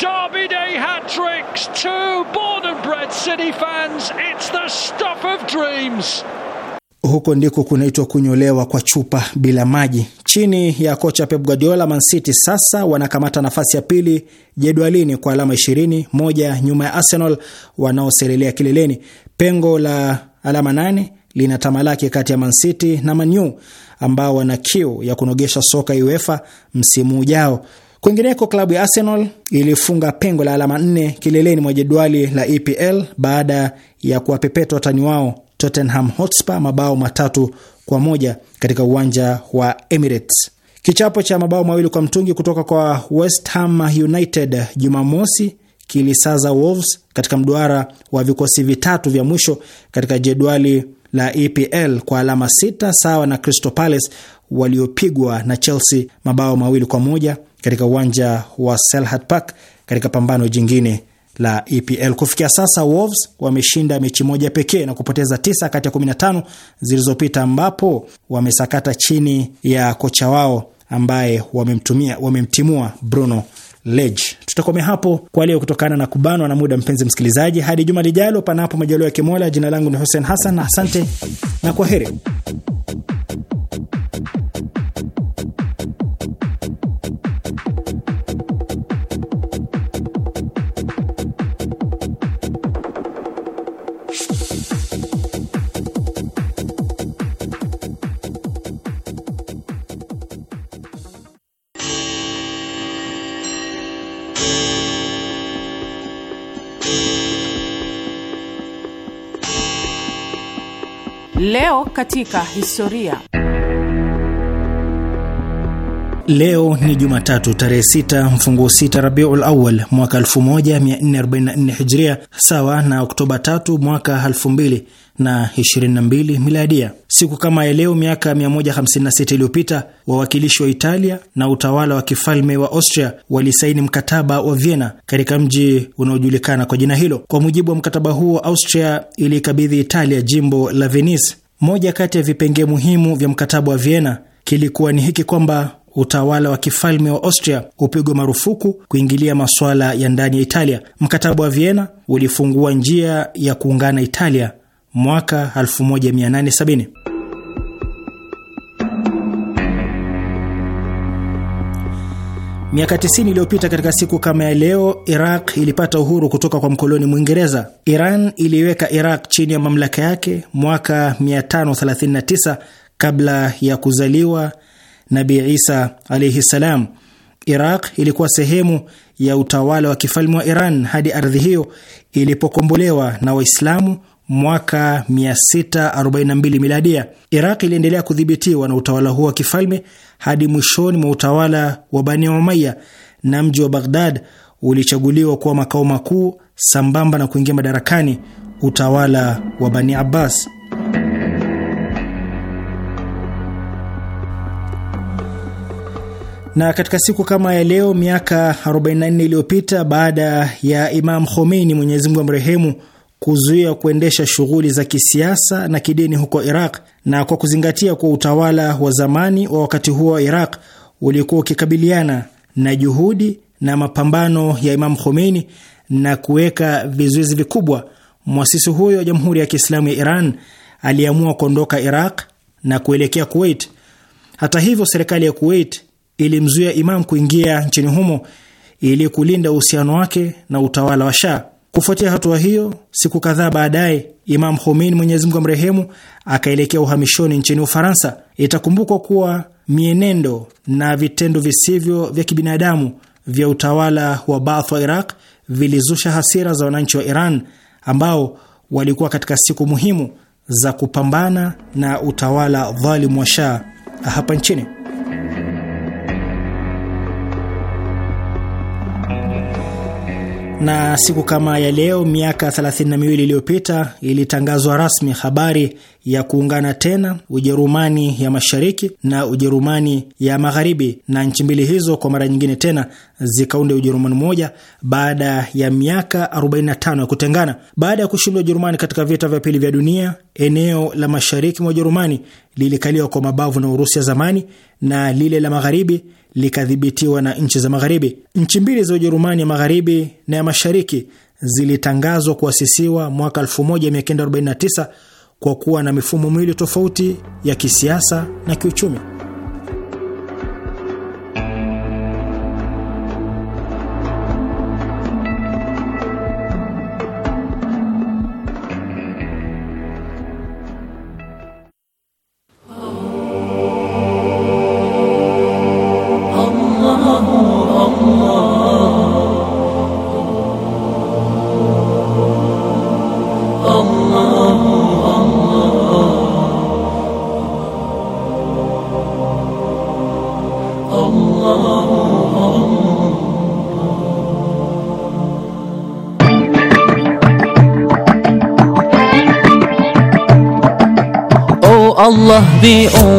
Derby Day. City fans, it's the stuff of dreams. Huko ndiko kunaitwa kunyolewa kwa chupa bila maji. Chini ya kocha Pep Guardiola, Man City sasa wanakamata nafasi ya pili jedwalini kwa alama 20, moja nyuma ya Arsenal wanaoselelea kileleni. Pengo la alama 8 lina tamalaki kati ya Man City na Man U ambao wana kiu ya kunogesha soka UEFA msimu ujao. Kwingineko, klabu ya Arsenal ilifunga pengo la alama nne kileleni mwa jedwali la EPL baada ya kuwapepeta watani wao Tottenham Hotspur mabao matatu kwa moja katika uwanja wa Emirates. Kichapo cha mabao mawili kwa mtungi kutoka kwa West Ham United Jumamosi kilisaza Wolves katika mduara wa vikosi vitatu vya mwisho katika jedwali la EPL kwa alama sita sawa na Crystal Palace waliopigwa na Chelsea mabao mawili kwa moja katika uwanja wa Selhurst Park katika pambano jingine la EPL. Kufikia sasa Wolves wameshinda mechi moja pekee na kupoteza tisa kati ya 15 zilizopita, ambapo wamesakata chini ya kocha wao ambaye wamemtumia wamemtimua Bruno Lage. Tutakomea hapo kwa leo kutokana na kubanwa na muda, mpenzi msikilizaji, hadi juma lijalo, panapo majaliwa ya Kimola. Jina langu ni Hussein Hassan, asante na kwa heri. Leo katika historia. Leo ni Jumatatu tarehe 6 mfungu 6 Rabiul Awal mwaka 1444 Hijria, sawa na Oktoba 3 mwaka na 22 miladia. Siku kama ya leo miaka 156 iliyopita wawakilishi wa Italia na utawala wa kifalme wa Austria walisaini mkataba wa Vienna katika mji unaojulikana kwa jina hilo. Kwa mujibu wa mkataba huo, Austria iliikabidhi Italia jimbo la Venice. Moja kati ya vipengee muhimu vya mkataba wa Vienna kilikuwa ni hiki kwamba utawala wa kifalme wa Austria upigwe marufuku kuingilia masuala ya ndani ya Italia. Mkataba wa Vienna ulifungua njia ya kuungana Italia mwaka 1870. Miaka 90 iliyopita katika siku kama ya leo, Iraq ilipata uhuru kutoka kwa mkoloni Mwingereza. Iran iliiweka Iraq chini ya mamlaka yake mwaka 539 kabla ya kuzaliwa nabi Isa alaihi ssalam. Iraq ilikuwa sehemu ya utawala wa kifalme wa Iran hadi ardhi hiyo ilipokombolewa na Waislamu mwaka 642 miladia. Iraq iliendelea kudhibitiwa na utawala huo wa kifalme hadi mwishoni mwa utawala wa Bani Umaya, na mji wa Baghdad ulichaguliwa kuwa makao makuu sambamba na kuingia madarakani utawala wa Bani Abbas. na katika siku kama ya leo miaka 44 iliyopita baada ya Imam Khomeini, Mwenyezi Mungu amrehemu, kuzuia kuendesha shughuli za kisiasa na kidini huko Iraq, na kwa kuzingatia kwa utawala wa zamani wa wakati huo wa Iraq ulikuwa ukikabiliana na juhudi na mapambano ya Imam Khomeini na kuweka vizuizi vikubwa, mwasisi huyo wa Jamhuri ya Kiislamu ya Iran aliamua kuondoka Iraq na kuelekea Kuwait. Hata hivyo, serikali ya Kuwait ilimzuia Imam kuingia nchini humo ili kulinda uhusiano wake na utawala wa Shah. Kufuatia hatua hiyo, siku kadhaa baadaye, Imam Khomeini, Mwenyezi Mungu amrehemu, akaelekea uhamishoni nchini Ufaransa. Itakumbukwa kuwa mienendo na vitendo visivyo vya kibinadamu vya utawala wa Baath wa Iraq vilizusha hasira za wananchi wa Iran ambao walikuwa katika siku muhimu za kupambana na utawala dhalimu wa Shah hapa nchini. Na siku kama ya leo miaka 32 iliyopita ilitangazwa rasmi habari ya kuungana tena Ujerumani ya Mashariki na Ujerumani ya Magharibi, na nchi mbili hizo kwa mara nyingine tena zikaunda Ujerumani moja baada ya miaka 45 ya kutengana. Baada ya kushindwa Ujerumani katika vita vya pili vya dunia, eneo la mashariki mwa Ujerumani lilikaliwa kwa mabavu na Urusi ya zamani na lile la magharibi likadhibitiwa na nchi za Magharibi. Nchi mbili za Ujerumani ya Magharibi na ya Mashariki zilitangazwa kuasisiwa mwaka 1949 kwa kuwa na mifumo miwili tofauti ya kisiasa na kiuchumi.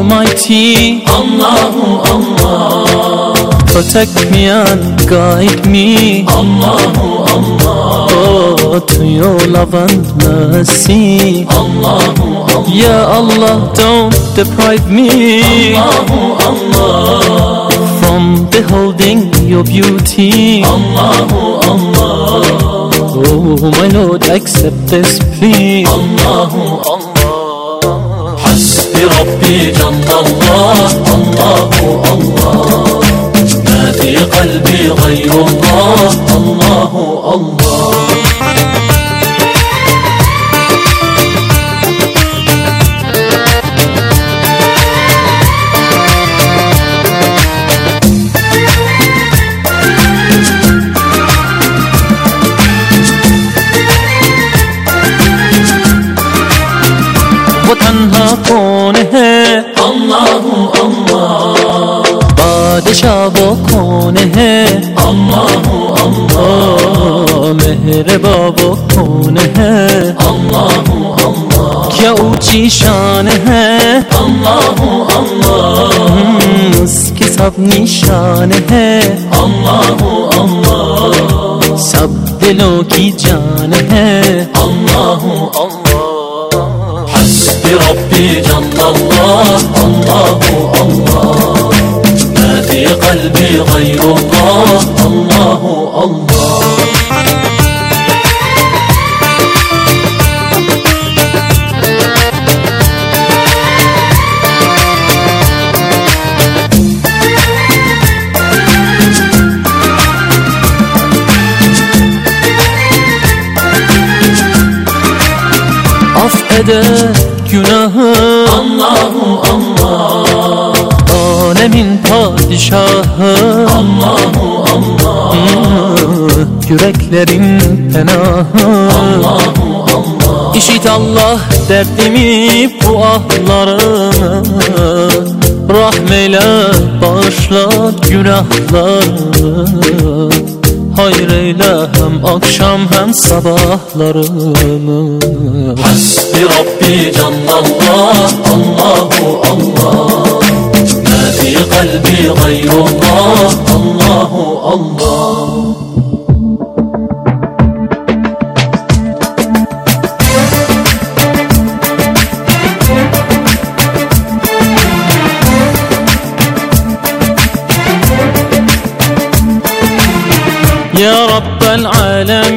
Almighty Allahu Allah Protect me and guide me Allahu Allah Oh, to your love and mercy Allahu Allah Ya Allah, don't deprive me Allahu Allah From beholding your beauty Allahu Allah Oh, my Lord, accept this plea Allahu Allah قلبي الله الله الله ما في قلبي غير الله الله الله बादशाह वो कौन है अम्मा हो अम्मा मेरे बाबो कौन है अम्मा हो अम्मा क्या ऊंची शान है अम्मा हो अम्मा हम्म, उसकी सब निशान है अम्मा हो अम्मा सब दिलों की जान है अम्मा हो अम्मा हस्ते रब्बी जल्ला अल्लाह हो अल्लाह في قلبي غير الله الله الله أفقدك padişahı Allahu Allah Yüreklerin penahı Allahu Allah İşit Allah derdimi bu ahlarımı Rahmeyle bağışla günahlarını. Hayreyle hem akşam hem sabahlarını. Hasbi Rabbi canlallah Allahu Allah في قلبي غير الله الله الله يا رب العالمين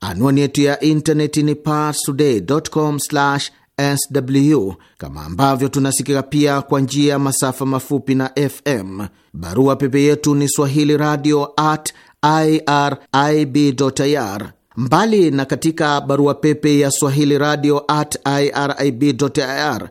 Anwani yetu ya intaneti ni parstoday.com/sw, kama ambavyo tunasikika pia kwa njia ya masafa mafupi na FM. Barua pepe yetu ni swahili radio at irib.ir. Mbali na katika barua pepe ya swahili radio at irib.ir